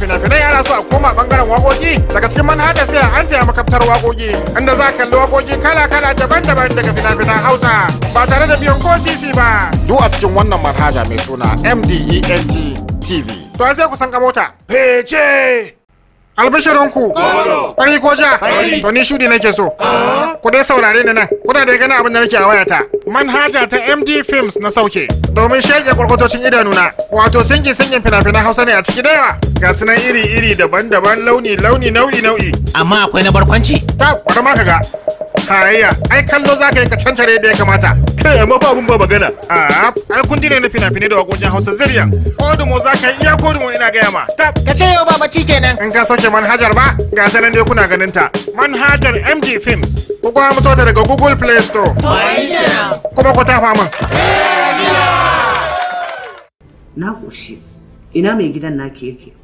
fina-finai ana so a koma bangaren wakoki daga cikin manhaja sai an taya makaftar wakoki inda za kalli wakoki kala-kala daban-daban daga fina-finan hausa ba tare da biyan ko sisi ba duk a cikin wannan manhaja mai suna mdent tv to sai ku san ka mota albishirinku fari ko ja to ni shudi nake so ku dai saurare ni nan kuna da gani abin da nake a wayata manhaja ta MD Films na sauke domin shege kwarkwatocin idanuna wato singin singin fina-finan Hausa ne a ciki dayawa. ga sunan iri-iri daban-daban launi-launi nau'i-nau'i amma akwai na barkwanci ta bari ma kaga tarayya ai kallo za ka yi ka cancare da ya kamata kai amma ba abun ba magana a ah, ai kun ne na fina-finai da wakokin hausa zirya kodumo za ka yi iya kodumo ina gaya ma ta ka ce yau ba bacci kenan in ka sauke manhajar ba ga ta nan dai kuna ganin ta manhajar md Films. Ku kuma musu ta daga Google Play Store. Kuma ku tafa min. Na ƙoshi, ina mai gidan naki yake?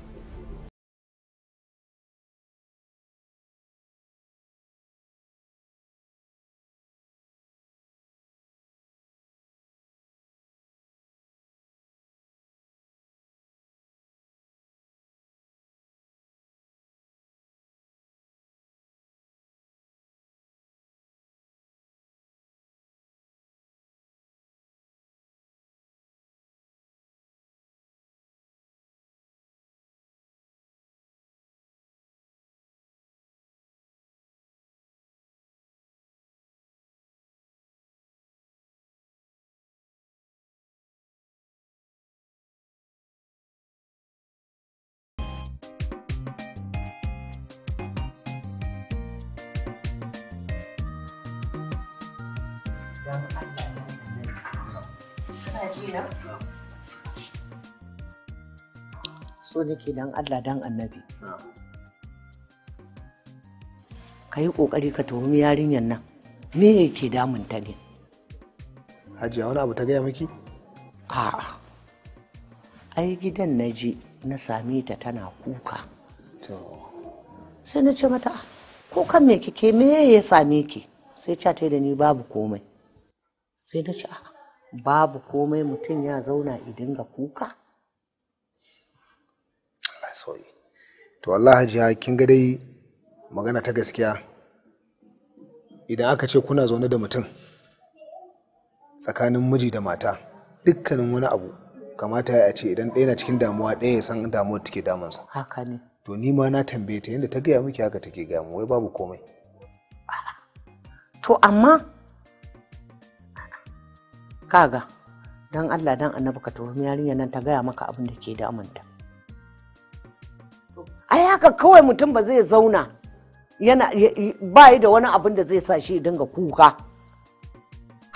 So na Allah dan annabi ka yi ƙoƙari ka tuhumi yarinyar nan me yake damun ta ne hajiya wani abu ta gaya miki a'a ai gidan na je na same ta tana kuka sai na ce mata ah, kukan me kike me ya same ki sai ta da ni babu komai sai na ci ah, babu komai mutum ya zauna idan ga kuka to Allah ya kin ga dai magana ta gaskiya idan aka ce kuna zaune da mutum tsakanin miji da mata dukkanin wani abu kamata ya ce idan ɗaya na cikin damuwa ɗaya ya san damuwar take damunsa haka ne to ni ma na tambaye ta yadda ta gaya miki haka take gaya mu wai babu komai to amma kaga don Allah don annabi ka tuhumi yarinya nan ta gaya maka abin da ke damunta ai haka kawai mutum ba zai zauna yana yi da wani abin da zai sa shi dinga kuka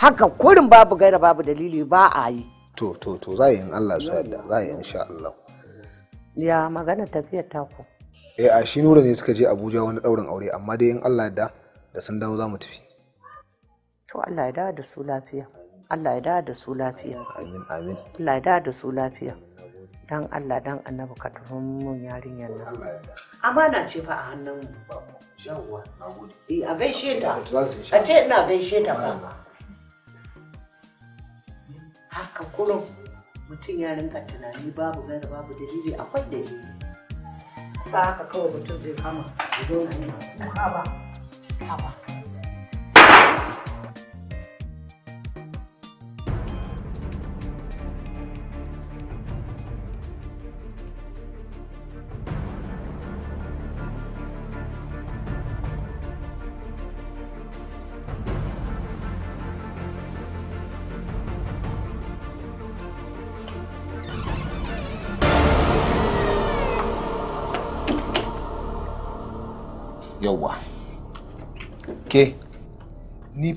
haka kurin babu gaira babu dalili ba a yi to to to za yi in Allah su yadda za yi sha Allah ya magana tafiyar taku eh a shi nura ne suka je Abuja wani daurin aure amma dai in Allah yadda da sun dawo za mu tafi to Allah ya dawo da su lafiya Allah ya dawo da su lafiya amin amin Allah ya da su lafiya dan Allah dan annabi ka tafi mun yarinyar nan amana ce fa a hannun mu yawwa nagode eh a gaishe ta a ce ina gaishe ta fa haka kullum mutum ya rinka tunani babu gaira babu dalili akwai dalili ba haka kawai mutum zai kama Ba ba. ba ba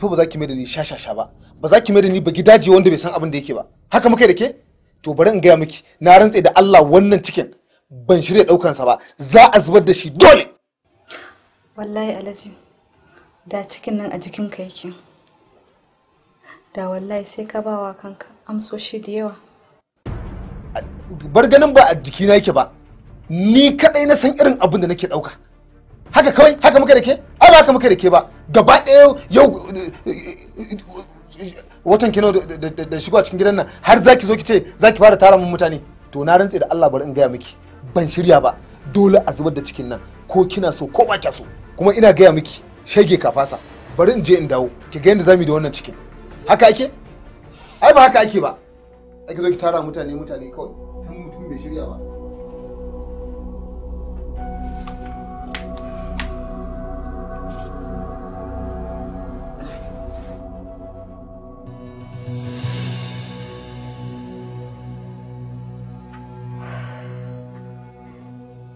fa ba za ki mai da ni shashasha ba ba za ki mai da ni ba gidaje wanda bai san abin da yake ba haka muka da ke to bari in gaya miki na rantse da Allah wannan cikin ban shirya sa ba za a zubar da shi dole wallahi alhaji da cikin nan a jikin ka yake da wallahi sai ka bawa kanka amsoshi da yawa bar ganin ba a jikina yake ba ni kadai na san irin abin da nake dauka haka kawai haka muka da ke ai ba haka muka da ke ba gaba ɗaya yau watan kino da shigo a cikin gidan nan har zaki zo ki ce zaki fara tara mun mutane to na rantse da Allah bari in gaya miki ban shirya ba dole a zubar da cikin nan ko kina so ko ba kya so kuma ina gaya miki shege ka fasa bari in je in dawo ki ga yadda zamu da wannan cikin haka ake ai ba haka ake ba ake zo ki tara mutane mutane kawai mutum bai shirya ba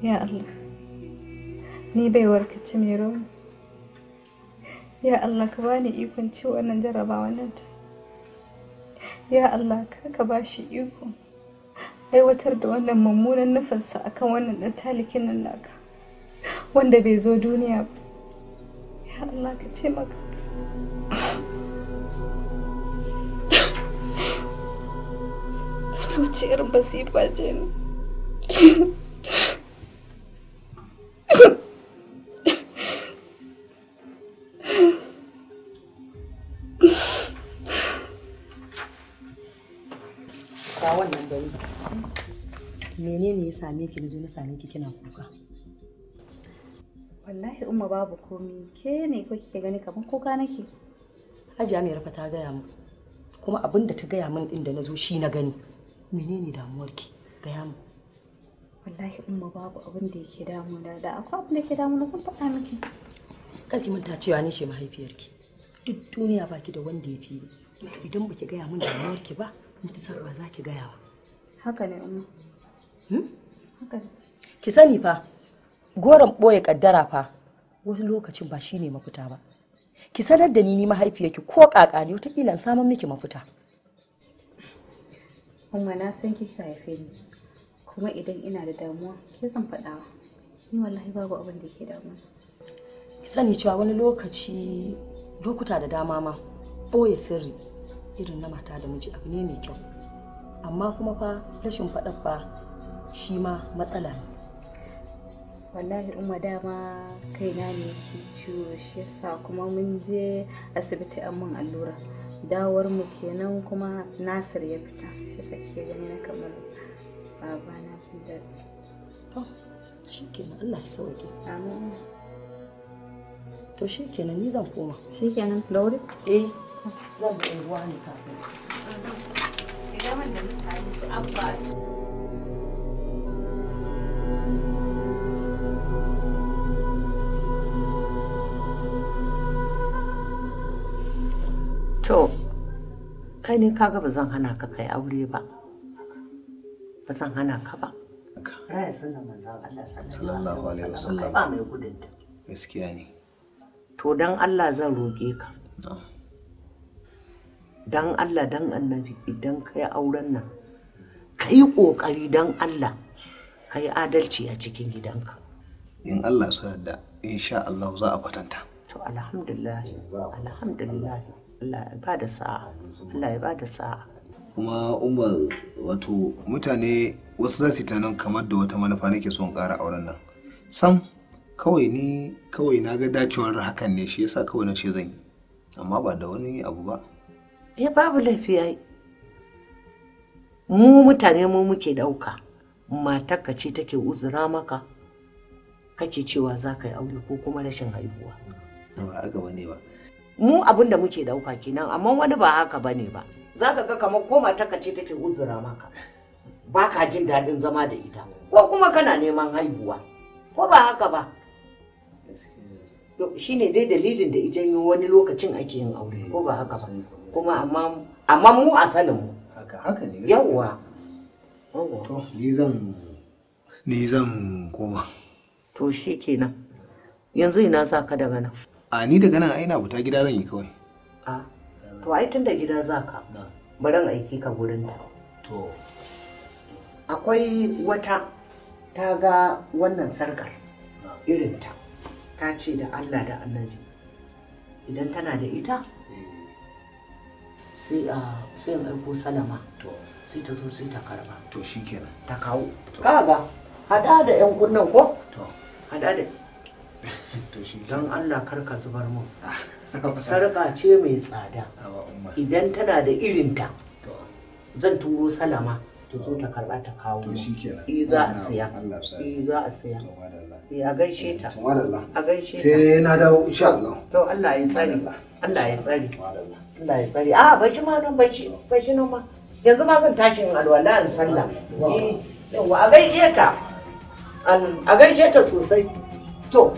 Ya Allah, ni baiwarka ci mai rauni. Ya Allah ka bani ikon wannan jarabawa nan ta. Ya Allah kar ka ba aiwatar da wannan mummunan nufinsa akan wannan ɗan talikin nan naka wanda bai zo duniya ba. Ya Allah ka taimaka. wannan wace irin basifa ce ne ga menene ya same ki na zo na same ki kina kuka wallahi umma babu komi ke ne ko kike gani kaman kuka nake hajiya mai rafa ta gaya min kuma abin da ta gaya min din da na zo shi na gani menene damuwarki gaya mu wallahi umma babu abin da yake damuna da akwai abin da yake damuna sun faɗa miki ki manta cewa ni ce mahaifiyarki duk duniya baki da wanda ya fi ni idan baki gaya min damuwarki ba mutisar ba za ki gaya wa haka ne umma hmm? haka ne ki sani fa goron ɓoye ƙaddara fa wasu lokacin ba shine mafita ba ki sanar da ni ni mahaifiyarki ko wata kila samun miki mafita kuma na san kika haife ni kuma idan ina da damuwa ke zan faɗa ni wallahi babu abin da ke damu ki sani cewa wani lokaci lokuta da dama ma ɓoye sirri irin na mata da miji abu ne mai kyau amma kuma fa rashin faɗa fa shi ma matsala ne wallahi umma dama kaina ne ke ciwo shi yasa kuma mun je asibiti an mun allura dawar mu kenan kuma nasir ya fita shi sake gani na kamar baba na jin daɗi to shi kenan Allah ya sauke amin to shi kenan ni zan koma shi kenan da wuri eh oh. zan bi ruwa ne kafin idan wanda mutane su abba su To, kai ne kaga ba zan hana ka kai aure ba. Ba zan hana ka ba. Raya sunan manzan Allah sallallahu alaihi wasallam. Ba mai gudunta. Gaskiya ne. To dan Allah zan roƙe ka. Dan Allah dan annabi idan kai auren nan ka yi ƙoƙari dan Allah ka yi adalci a cikin gidanka. In Allah su yadda, in sha Allah za a kwatanta. To alhamdulillah, alhamdulillah. Allah ya bada sa'a Allah ya sa'a kuma umar wato mutane wasu za su nan kamar da wata manufa nake son ƙara auren nan sam kawai ni kawai na ga dacewar hakan ne shi yasa kawai na ce zan yi amma ba da wani abu ba eh babu laifi mu mutane mu muke dauka matarka ce take uzura maka kake cewa za ka yi aure ko kuma rashin haihuwa ba a ba ne ba mu abin da muke dauka kenan amma wani ba haka bane ba za ka ga kamar ko matarka ce take uzura maka ba ka jin daɗin zama da ita ko kuma kana neman haihuwa ko ba haka ba shi ne dai dalilin da ita yi wani lokacin ake yin aure ko ba haka ba kuma amma mu a sanin mu haka ne yawwa to ni zan ni zan koma to shi kenan yanzu ina sa ka daga nan a ni daga nan aina na gida zan yi kawai a to ai tun da gida za ka bari aiki ka gurin ta to akwai wata ta ga wannan sarkar irinta ta ce da allah da annabi idan tana da ita eh. sai a ah, sai in aiko salama to sai ta zo sai ta karba to shikenan ta kawo ka ga hada da yan kunnan ko to hada da don Allah kar ka zubar mu ah. sarƙa ce mai tsada idan tana da irinta zan turo salama ta zo ta karba ta kawo i eh, eh, za a siya i za a siya a gaishe ta a gaishe ta sai na dawo insha Allah to Allah ya tsare Allah ya tsare Allah ya tsare a bashi ma nan bashi bashi nan ma yanzu ma zan tashi in alwala in sallah eh, yawa a gaishe ta a gaishe ta sosai to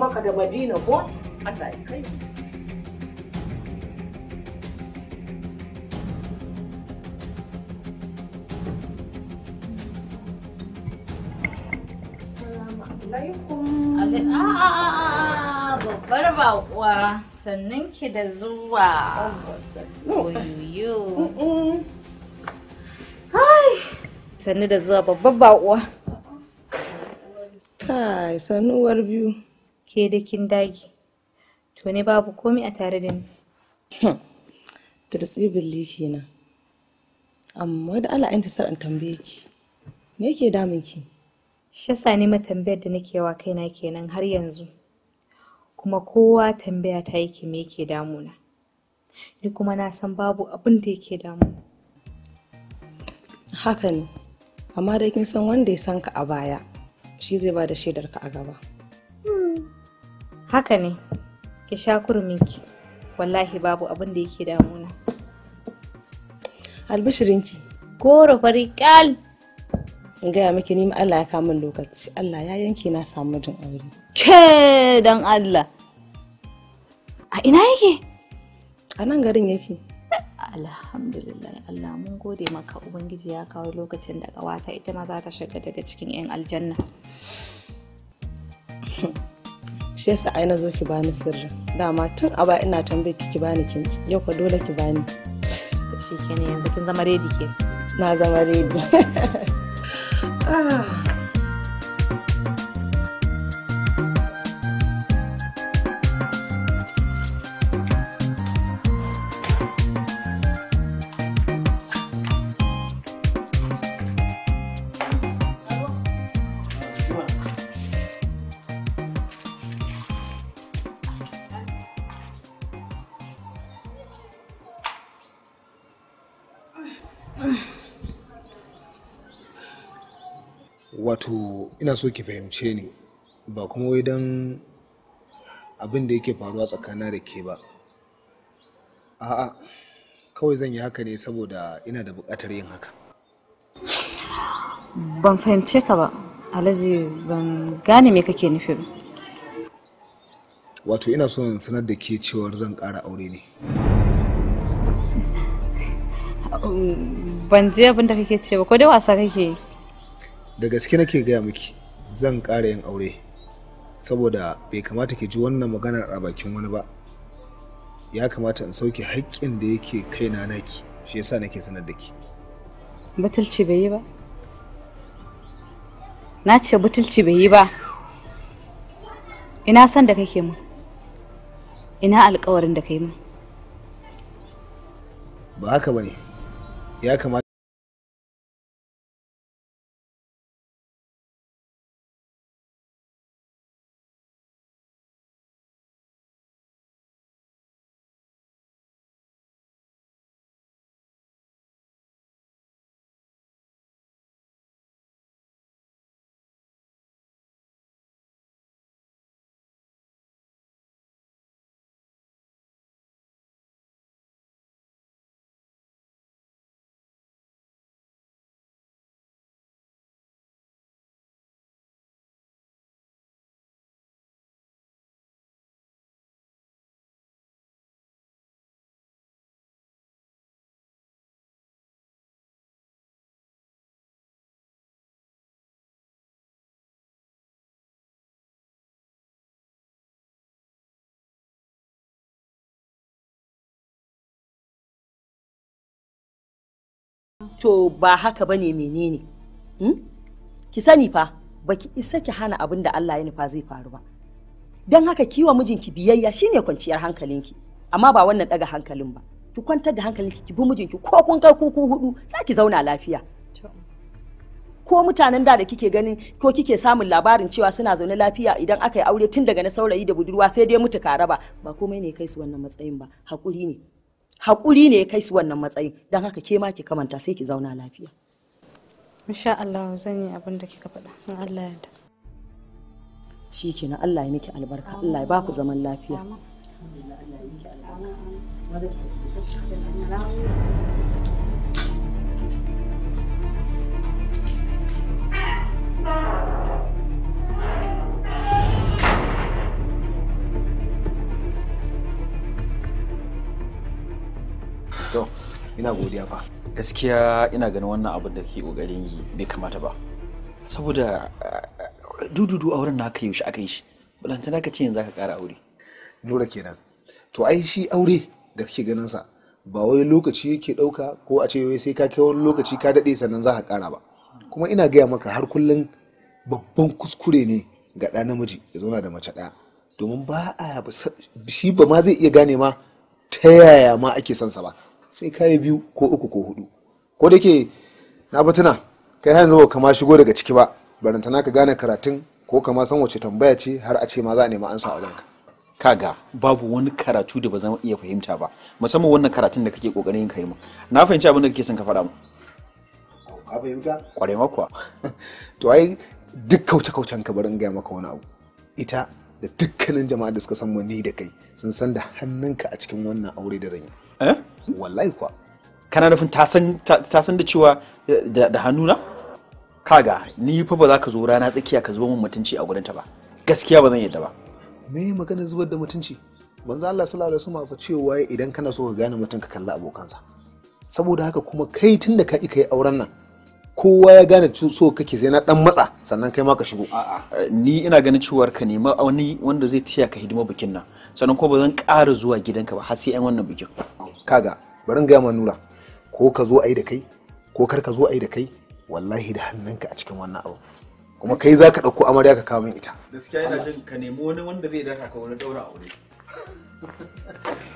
maka da madina ko allah ya kai ah, ah, ah, babbar bakuwa sannan ki da zuwa sannu da zuwa babbar bakuwa Kai, sanuwar biyu. Ke da kin dagi To ne babu komai a tare da ni. Tirtsibin billi kenan Amma da Allah ta sar tambaye ki. Me yake damun ki? Shi yasa ne tambayar da nake wa kaina kenan har yanzu. Kuma kowa tambaya ta yake me yake damuna. Ni kuma na san babu abin da yake damuna. Haka ne. Amma da kin san wanda ya san ka a baya. shi zai ba da ka a gaba hmm. haka ne ki sha kurminki wallahi babu abin da yake damuna albishirinki goro fari kyal in gaya maki ni Allah ya kamun lokaci Allah ya yanke na samu jin aure ke dan Allah a ina yake a nan garin yake alhamdulillah Allah mun gode maka ubangiji ya kawo lokacin da ƙawata ita ma za ta shiga daga cikin 'yan aljanna shi yasa ai na zo ki bani sirrin dama tun a baya ina tambaye ki ki bani kinki yau ka dole ki bani shi kenan yanzu kin zama ready ke na zama ready ah ina so ki fahimce ni ba kuma wai don abin da yake faruwa tsakana da ke ba a'a kawai zan yi haka ne saboda ina da buƙatar yin haka ban fahimce ka ba alhaji ban gane me kake nufi ba wato ina so sanar da ke cewar zan ƙara aure ne ban je abin da kake ce ba ko dai wasa kake yi da gaske nake gaya miki zan ƙara yin aure saboda bai kamata ki ji wannan maganar a bakin wani ba ya kamata in sauke haƙƙin da yake kaina naki shi yasa nake sanar da ki butulci bai yi ba na ce butulci bai yi ba ina san da kake mu ina alkawarin da kai mu ba haka bane ya kamata To ba haka ba ne menene? Hmm? Ki sani fa Ba ki isa ki hana abin da Allah ya nufa zai faru ba. Don haka kiwa mijinki biyayya shine kwanciyar hankalinki, amma ba wannan daga hankalin ba. Ki kwantar da hankalinki ki bi mijinki ko kun kai kuku hudu za ki zauna lafiya. Ko mutanen da da kike ganin ko kike samun labarin cewa suna zaune lafiya idan aka yi aure tun daga na saurayi da budurwa sai dai mutu ka raba ba komai ne kai su wannan matsayin ba hakuri ne. hakuri ne ya kai su wannan matsayin don haka ke ma ki kamanta sai ki zauna lafiya insha Allah zan yi abin da kika faɗa in Allah ya da. shi Allah ya miki albarka Allah ya ba ku zaman lafiya Thank you. to ina godiya fa gaskiya ina ganin wannan abin da ke kokarin bai kamata ba saboda dududu eh, auren na aka yi shi aka yi shi balantana ka ce yanzu ka kara aure nura kenan to ai shi aure da kake ganin sa ba wai lokaci yake ɗauka ko a ce wai sai ka kai wani lokaci ka dade sannan za ka kara ba kuma ina gaya maka har kullum babban kuskure ne ga ɗa namiji ya zauna da mace ɗaya domin ba a shi ba ma zai iya gane ma ta yaya ma ake son sa ba sai kayi biyu ko uku ko hudu ko da ke na batuna kai yanzu ba kama shigo daga ciki ba barantana ka gane karatun ko kama san wace tambaya ce har a ce ma za a nemi ansa wajen ka kaga babu wani karatu da ba zama iya fahimta ba musamman wannan karatun da kake kokarin yin kaima? na fahimci abin da kake son ka faɗa mu ka fahimta kware makwa. to ai duk kauce kaucen ka barin gaya maka wani abu ita da dukkanin jama'a da suka san mu ni da kai sun san da hannunka a cikin wannan aure da zan yi eh wallahi kuwa kana nufin ta san da cewa da hannuna kaga ni fa ba za ka zo rana tsakiya ka zuba min mutunci a gurinta ba gaskiya ba zan yadda ba me magana zubar da mutunci manzo Allah sallallahu alaihi wasallam cewa idan kana so ka gane mutum ka kalli abokansa saboda haka kuma kai tunda ka ika yi auren nan kowa ya gane so kake sai na dan matsa sannan kai ma ka shigo a'a ni ina ganin cewar ka nema wani wanda zai tiya ka hidima bikin nan sannan kuma ba zan ƙara zuwa gidanka ba har sai an wannan bikin kaga bari ga ma nura ko ka zo ai da kai ko kar ka zo ai da kai wallahi da hannunka a cikin wannan abu kuma kai za ka ɗauko amarya ka kawo min ita gaskiya ina jin ka nemi wani wanda zai daka ka wani daura aure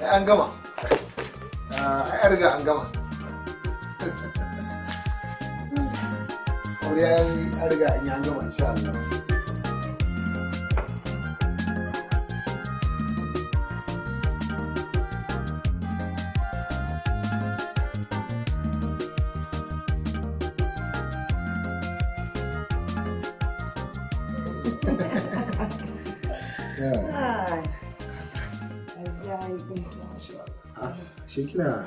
an gama ah, ai an riga an gama wuri an riga an yi gama insha Allah ya. Ah,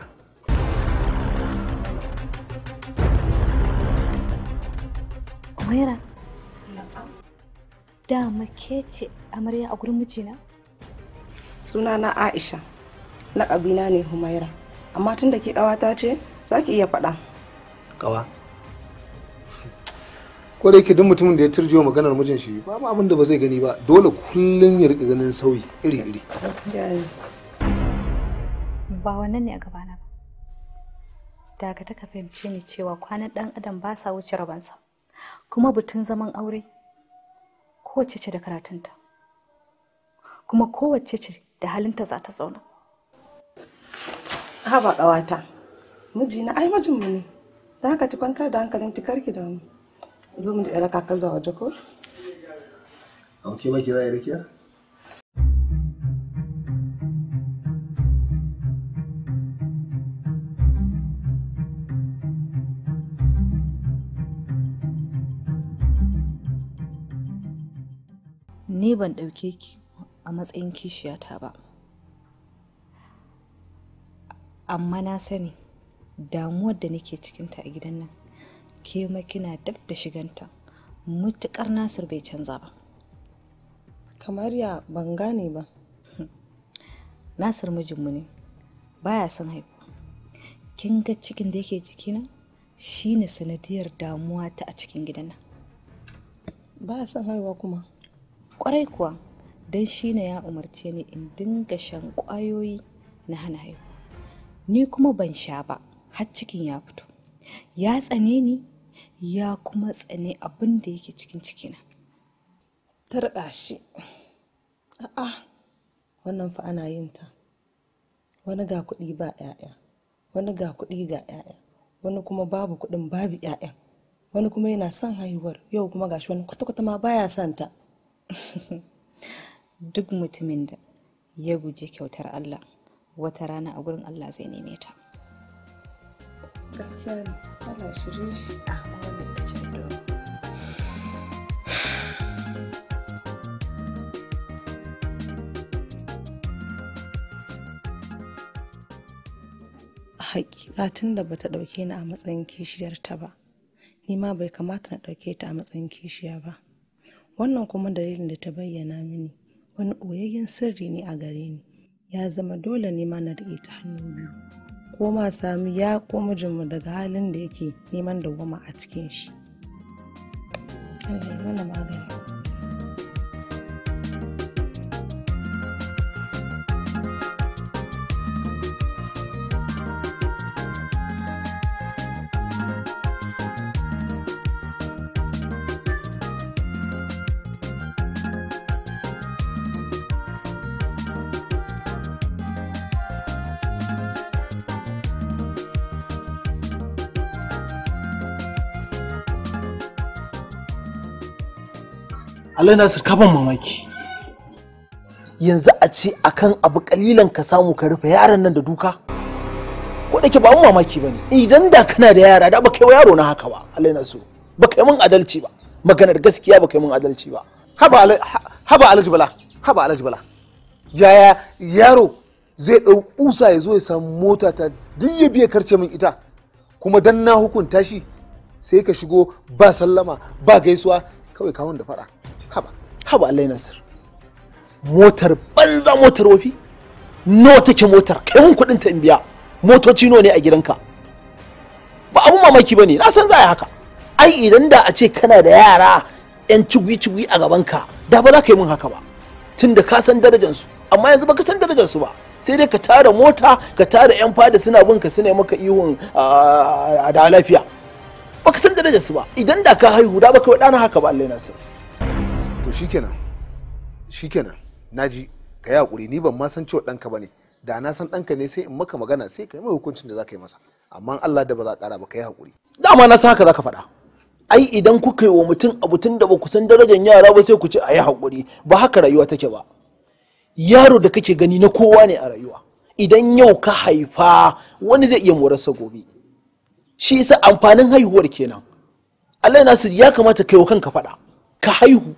Humaira. Dama ke ce amarya a gurin mijina? Sunana Aisha. na Laƙabina ne Humaira. Amma tun da ke ƙawata ce, za ki iya faɗa. Ƙawa? Ko da yake duk mutumin da ya turjiyo maganar mijin shi ba ma abin da ba zai gani ba dole kullum ya riƙa ganin sauyi iri-iri. Ba wannan ne a gabana ba. Daga ta ka fahimce ni cewa kwanan dan adam ba sa wuce rabansa. kuma butun zaman aure kowace ce da karatunta kuma kowace ce da halinta za ta zauna haba ƙawata mijina ai mu ne da haka ci kwantar da hankalin ki karki da mu zo mu da raka ka zuwa waje ko auke baki za a yi rikiya. ni ban ɗauke ki a matsayin kishiyata ba amma na sani damuwar da nake cikinta a gidan nan ke ma kina dab da shiganta mutuƙar nasir bai canza ba kamar ya ban gane ba nasir mijinmu ne baya son haifu kin ga cikin da yake ciki jikina shine sanadiyar damuwa ta a cikin gidan nan ba son haihuwa kuma kwarai kuwa, don shi na ya umarce ni in dinga shan kwayoyi na hana haihuwa. Ni kuma ban sha ba, har cikin ya fito. Ya tsane ni, ya kuma tsane abin da yake cikin cikina. Tarɗa shi. A'a, wannan fa ana yin ta. Wani ga kuɗi ba 'ya'ya, wani ga kuɗi ga 'ya'ya, wani kuma babu kuɗin babu 'ya'ya, wani kuma yana son haihuwar, yau kuma gashi wani kwata-kwata ma baya son ta. duk mutumin da ya guji kyautar Allah wata rana a gurin Allah zai neme ta gaskiya ah, da tun da bata dauke ni a matsayin kishiyarta ba ni ma bai kamata na dauke ta a matsayin kishiya ba Wannan kuma dalilin da ta bayyana mini wani ɓoyayyen sirri ne a gare ni, ya zama dole ne ma na riƙe ta hannu biyu, ko ma sami ya ko mijinmu daga halin da yake neman dawwama a cikin shi. Allah ya mana magani. Allah Nasir ka ban mamaki. Yanzu a ce akan abu kalilan ka samu ka rufe yaran nan da duka? Ko da ke ba mamaki bane. Idan da kana da yara da ba kai yaro na haka ba. Allah Nasir ba kai mun adalci ba. Maganar gaskiya ba kai mun adalci ba. Haba haba Alhaji Bala. Haba Alhaji Bala. Yaya yaro zai ɗau kusa ya zo ya samu mota ta duk ya biya karce min ita kuma dan na hukunta shi sai ka shigo ba sallama ba gaisuwa kawai kawon da fara haba Allah Nasir motar banza motar wafi nawa take motar kai mun kuɗin ta in biya motoci nawa ne a gidanka ba abun mamaki ba ne na san za a haka ai idan da a ce kana da yara yan cigwi-cigwi a gabanka da ba za ka yi mun haka ba tunda ka san darajansu amma yanzu baka san su ba sai dai ka tara mota ka tara yan fada suna bin ka suna maka ihun da lafiya baka san su ba idan da ka haihu da baka wa ɗana haka ba Allah Nasir. shi kenan naji ka yi hakuri ni ban ma san cewa ɗanka ba ne da na san ɗanka ne sai in maka magana sai ka yi hukuncin da za ka yi masa amma Allah da ba za ƙara ba ka yi hakuri. dama na san haka za ka faɗa ai idan ku kai wa mutum abu tun da ba ku san darajar yara ba sai ku ce a yi hakuri ba haka rayuwa take ba yaro da kake gani na kowa ne a rayuwa idan yau ka haifa wani zai iya morarsa gobe shi isa amfanin haihuwar kenan Allah nasir ya kamata kai wa kanka faɗa ka haihu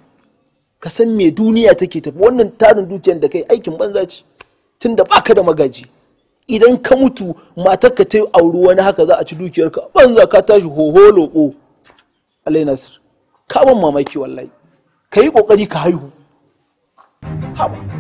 ka san me duniya take tafi wannan tarin dukiyar da kai aikin banza ce Tun tunda baka da magaji idan ka mutu matar ka ta auri wani haka za a ci dukiyar ka banza ka tashi hoho loko alai nasir ka ban mamaki wallahi ka yi kokari ka haihu haba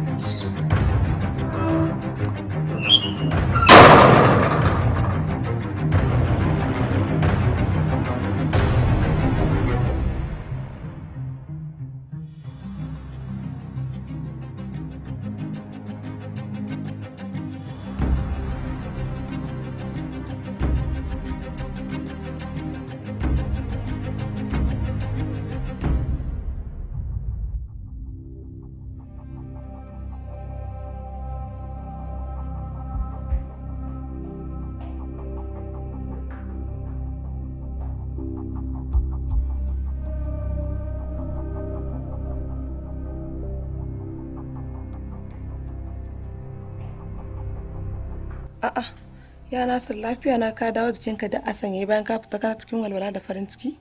Ya Nasir lafiya na ka dawo jikinka da yayi bayan ka fita kana cikin walwala da farin ciki?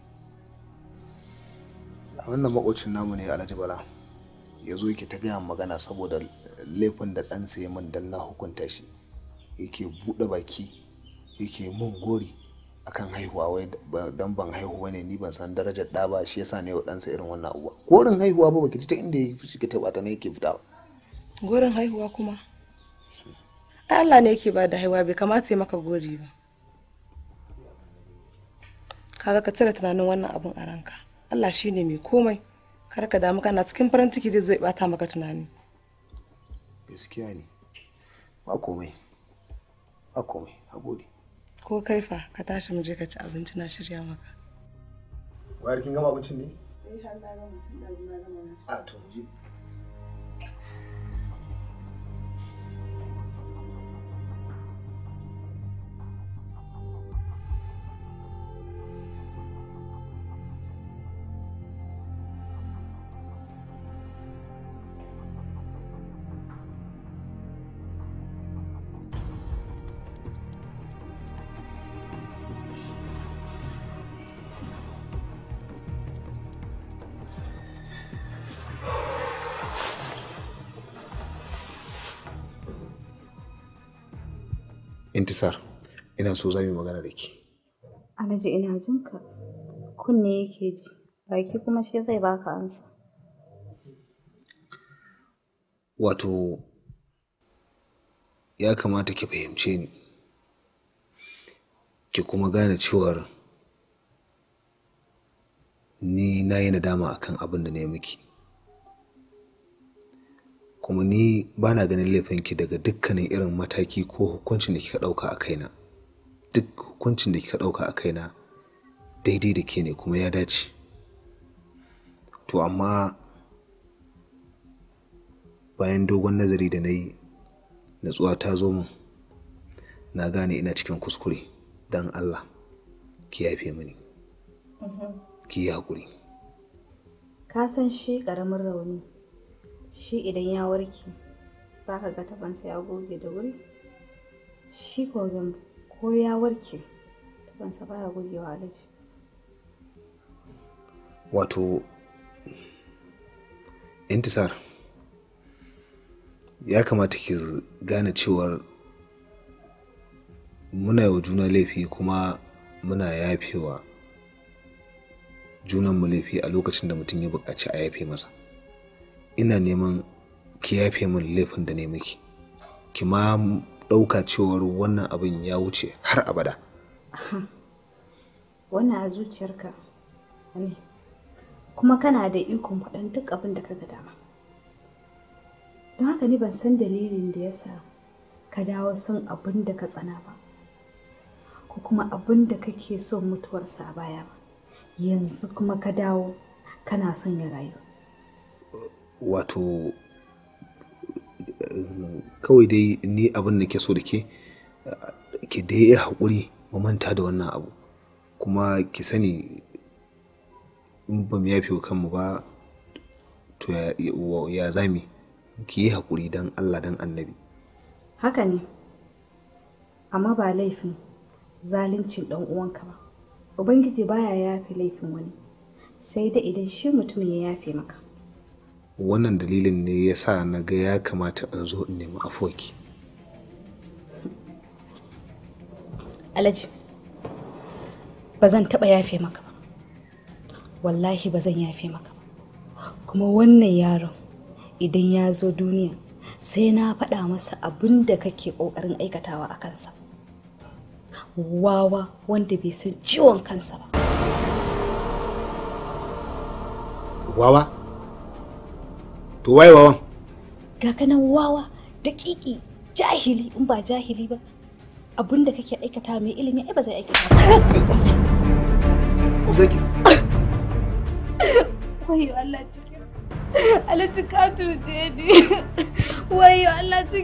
A wannan makocin namu ne Alhaji Bala. Ya zo yake ta gaya magana saboda laifin da dansa ya min dan na hukunta shi. Yake buɗe baki, yake mun gori akan haihuwa wai dan ban haihu bane ni ban san darajar da ba shi yasa ne wa sa irin wannan abuwa. Gorin haihuwa ba baki ta inda ba ta ne yake fita ba. Gorin haihuwa kuma? Allah ne yake ba da haihuwa bai kamata ya maka gori ba kaga ka cire tunanin wannan abun a ranka Allah shine mai komai kar ka damu kana cikin farin ciki zai zo ya bata maka tunani gaskiya ne ba komai ba komai nagode ko kai fa ka tashi mu je ka ci abinci na shirya maka wayar kin gama abincin ne eh har na gama tun da na gama a ah, to intisar ina so za mu magana da ke alhaji ina ka, kunne yake ji baki kuma shi zai baka ansa wato ya kamata ki fahimce ni ki kuma gane cewar ni na yi nadama akan abin da na yi miki kuma ni ba na ganin laifinki daga dukkanin irin mataki ko hukuncin da kika ɗauka a kaina duk hukuncin da kika ɗauka a kaina daidai da ke ne kuma ya dace to amma bayan dogon nazari da na yi natsuwa ta zo min na gane ina cikin kuskure don allah ki yafe mini mhm. ki yi haƙuri ka san shi ƙaramin rauni shi idan ya warke za ka ga sa ya goge da wuri shi ko ya warke tabansa baya gogewa alaji wato intisar ya kamata ki gane cewar muna yi wa juna laifi kuma muna yafewa junanmu laifi a lokacin da mutum ya buƙaci a yafe masa ina neman ki yafe min laifin da ne miki ki ma ɗauka cewar wannan abin ya wuce har abada wannan a zuciyarka ne kuma kana da ikon faɗan duk abin da kaga dama don haka ni ban san dalilin da yasa ka dawo son abin da ka tsana ba ko kuma abin da kake son mutuwarsa a baya ba yanzu kuma ka dawo kana son ya rayu wato kawai dai ni abin da ke so da ke ke da ya haƙuri ma manta da wannan abu kuma ki sani in ba mu yafe kanmu ba to ya zami ki yi haƙuri don Allah don annabi haka ne amma ba laifin zaluncin dan uwanka ba ubangiji baya yafe laifin wani sai da idan shi mutumin ya yafe maka wannan dalilin ne ya sa na ga ya kamata in zo in nemi afoki alhaji ba zan taɓa yafe maka ba wallahi ba zan yafe maka ba kuma wannan yaron idan ya zo duniya sai na faɗa masa abin da kake ƙoƙarin aikatawa a kansa wawa wanda bai san ciwon kansa ba wawa to wai wawa ga kanan wawa da kiki jahili in ba jahili ba abin da kake aikata mai ilimi ai ba zai aikata zaki wayo Allah cikin Allah cika tuje ni wayo Allah do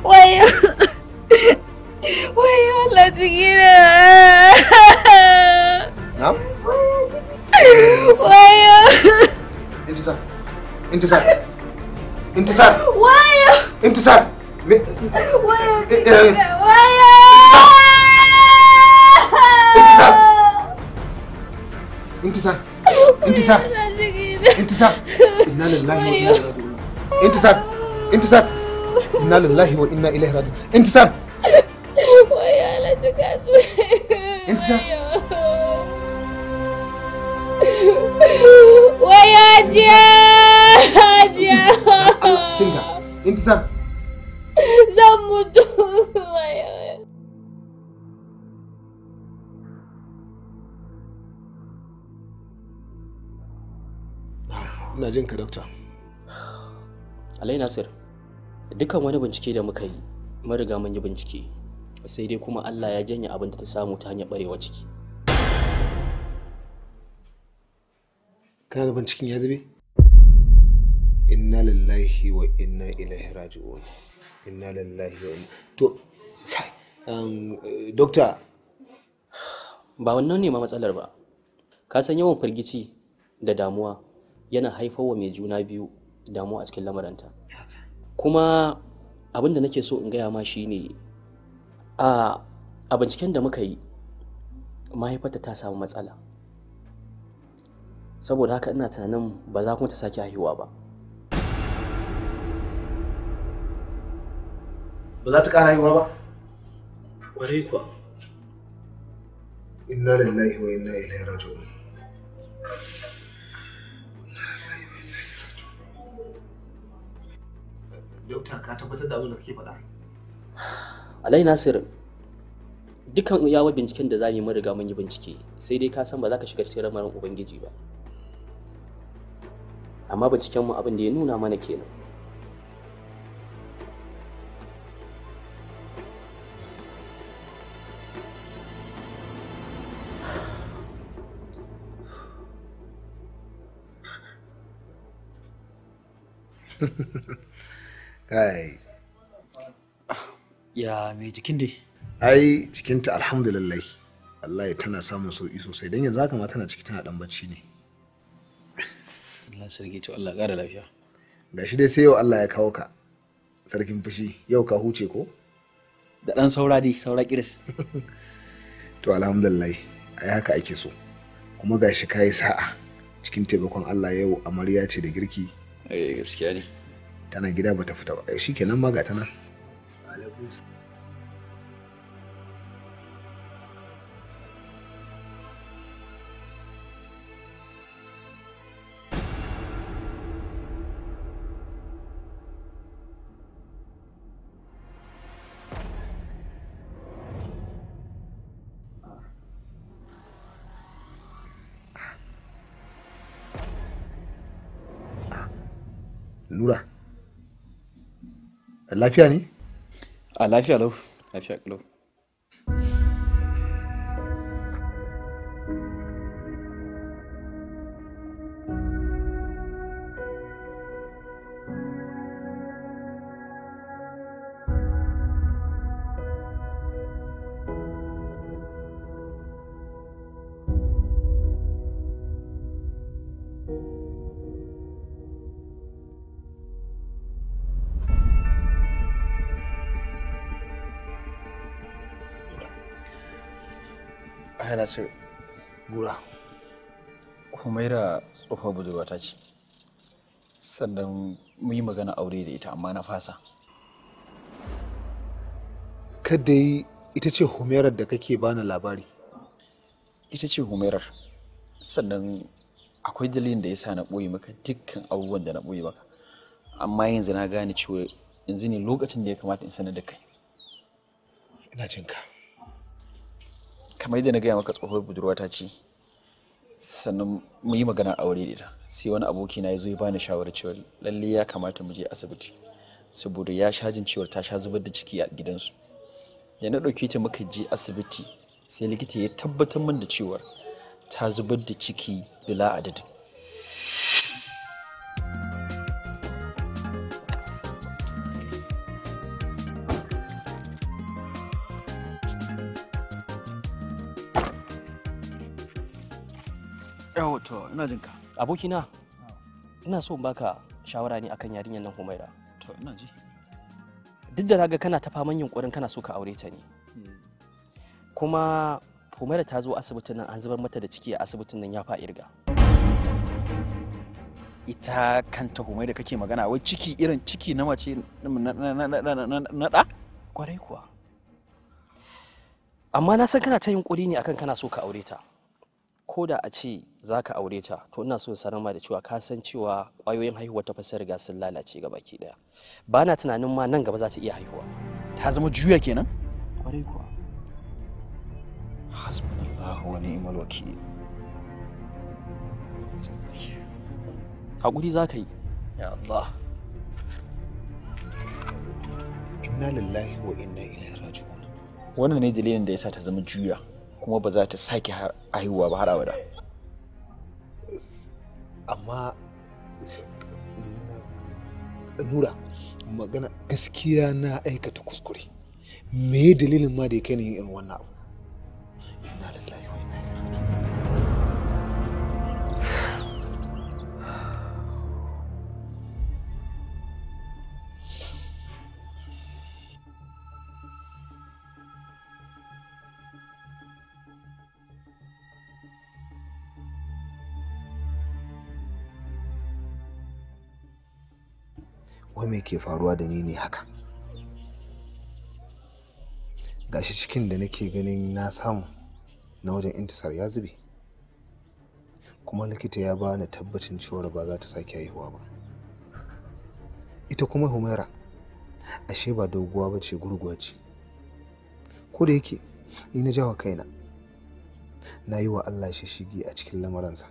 wayo wayo Allah cikin intisar intisar wayo intisar me wayo wayo intisar intisar intisar intisar inna lillahi wa inna ilaihi raji'un jiya cikinka intisar zan mutu ina jin ka dokta alai nasir dukkan wani bincike da muka yi mun riga mun yi bincike sai dai kuma allah ya janye abin da ta samu ta hanyar barewa ciki kana da binciken ya zube inna lillahi wa inna ilaihi raji'un inna lillahi wa inna to um, dokta ba wannan ne ma matsalar ba ka san yawan firgici da damuwa yana haifar wa mai juna biyu damuwa a cikin lamaranta kuma abinda nake so in gaya ma shine a a binciken da muka yi mahaifarta ta samu matsala saboda haka ina tunanin ba za kuma ta sake haihuwa ba ba za ta ƙara haihuwa ba ƙwarai kuwa inna lillahi wa inna ilaihi raji'un Dokta ka tabbatar da abin da kake faɗa? Alai Nasir, dukan iyawa binciken da za mu yi mun riga mun yi bincike sai dai ka san ba za ka shiga cikin lamarin ubangiji ba amma binciken mu abin da ya nuna mana kenan kai ya mai jikin dai ai jikinta alhamdulillah ya tana samun sauki sosai don yanzu haka ma tana ciki tana dan bacci ne Allah sarki to Allah ƙara lafiya gashi dai sai yau Allah ya kawo ka sarkin fushi yau ka huce ko da dan saura dai saura kiris to alhamdulillah ai haka ake so kuma gashi kai sa'a cikin taimakon Allah yau amarya ce da girki eh gaskiya ne tana gida bata fita ba shikenan ma ga ta nan lafiya ne? A lafiya lau, lafiya lau. haka nasiru gura humaira tsofa budurwata ce sannan mu yi magana aure da ita amma na fasa kada yi ita ce humairar da kake bani labari ita ce humairar sannan akwai dalilin da ya sa na ɓoye maka dukkan abubuwan da na ɓoye maka amma yanzu na gane cewa yanzu ne lokacin da ya kamata in sanar da kai ina jinka kamar yadda na gaya maka tsohuwar ta ce sannan mu yi magana aure da sai wani aboki na ya zo ya bani shawarar cewa lalle ya kamata mu je asibiti saboda ya sha jin cewar ta sha zubar da ciki a gidansu da na ɗauke ta muka je asibiti sai likita ya tabbatar min da cewar ta zubar da ciki bila adadin ina jinka abokina oh. ina so in baka shawara ne akan yarinyar nan humaira to ina ji duk da naga kana ta faman yunkurin kana so ka aure ta ne hmm. kuma humaira ta zo asibitin nan an zubar mata da ciki a asibitin nan ya fa irga ita kanta humai kake magana wai ciki irin ciki na mace na da kwarai kuwa amma na san kana ta yunkuri ne akan kana so ka aure ta ko da a ce za ka aure ta to ina so sanar ma da cewa ka san cewa ƙwayoyin haihuwa ta fasar riga sun lalace ga baki daya ba na tunanin ma nan gaba za ta iya haihuwa ta zama juya kenan ƙwarai kuwa hasbunallahu wa ni'mal wakil hakuri za ka yi ya Allah inna lillahi wa inna ilaihi raji'un wannan ne dalilin da yasa ta zama juya kuma ba za ta sake haihuwa ba har abada amma nura magana gaskiya na aikata kuskure me dalilin ma da ya kai ni irin wannan abu wai me ke faruwa da ni ne haka gashi cikin da nake ganin na samu na wajen intisar ya zube kuma likita ya ba ni tabbacin cewar ba za ta sake haihuwa ba ita kuma humaira ashe ba doguwa ba ce gurguwa ce ko da yake ni na jawa kaina na yi wa allah shishigi a cikin lamaransa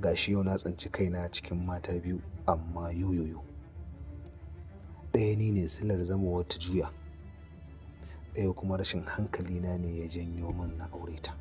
gashi yau na tsinci kaina cikin mata biyu amma yoyoyo ɗaya ni ne silar zama wata juya ɗaya kuma rashin hankalina ne ya janyo min na aure ta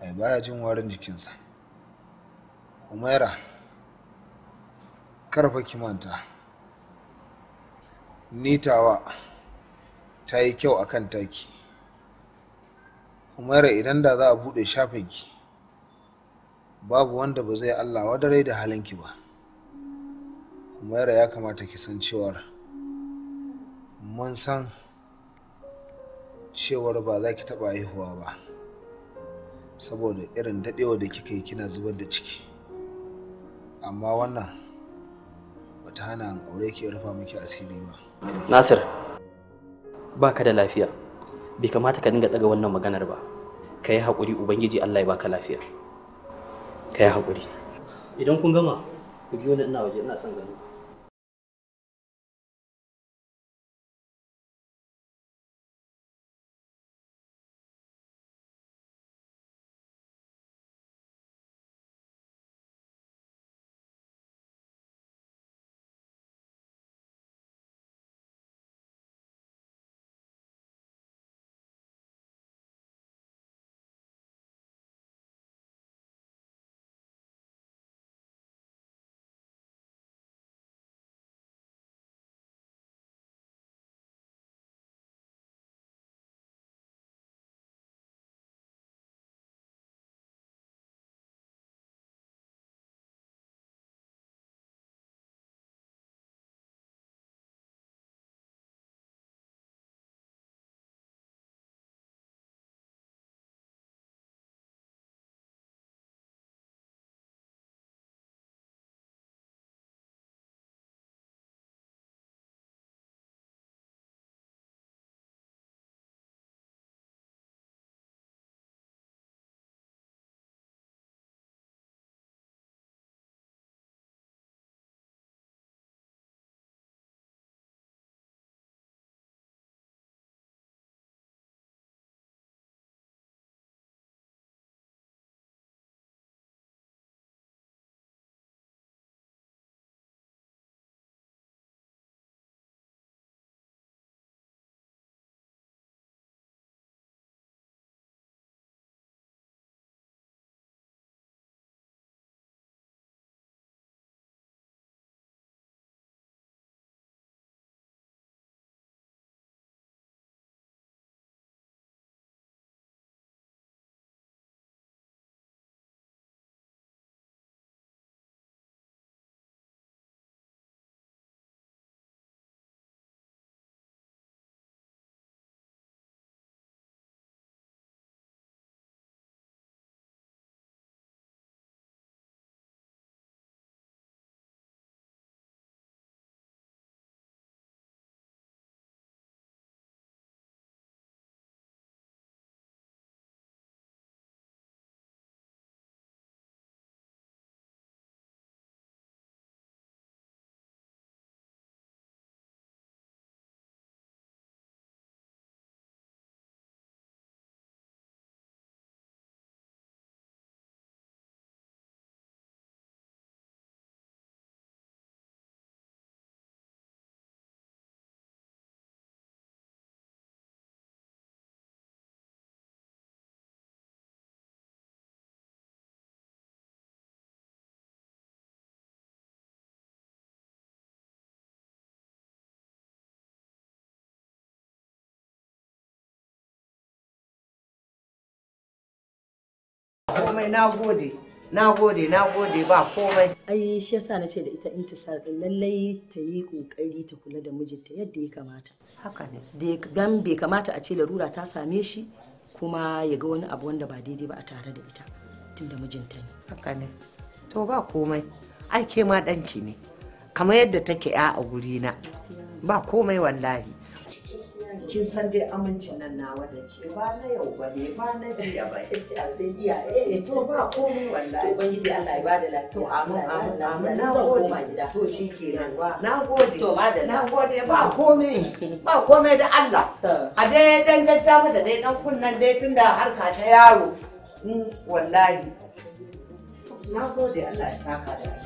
ai baya jin warin jikinsa umaira karfa kimanta nitawa ta yi kyau akan taki umaira idan da za a buɗe shafinki babu wanda ba zai allah wadarai da halinki ba umaira ya kamata ki san cewar mun san cewar ba za ki taɓa haihuwa ba saboda irin daɗewa da kika yi kina zubar da ciki amma wannan wata hana an aure ki rufa miki asiri ba nasir baka da lafiya bai kamata ka dinga daga wannan maganar ba ka yi haƙuri ubangiji allah ya baka lafiya ka yi haƙuri idan kun gama ku biyo ni ina waje ina son gani. malamai na gode na gode na gode ba komai ai shi yasa na ce da ita intisar din lallai ta yi kokari ta kula da mijinta yadda ya kamata haka ne gan bai kamata a ce larura ta same shi kuma ya ga wani abu wanda ba daidai ba a tare da ita tunda mijinta ne haka ne to ba komai ai ke ma danki ne kamar yadda take ya a na ba komai wallahi kin san dai amincin nan nawa da ke ba na yau ba ne ba na jiya ba sai jiya eh to ba komai wallahi ubangiji Allah ya ba da lafiya to amin amin amin na gode to shi ke na gode to ba da na gode ba komai ba komai da Allah a dai dan jajja mata dai dan kunnan dai tunda harka ta yaro mm, wallahi na gode Allah ya saka da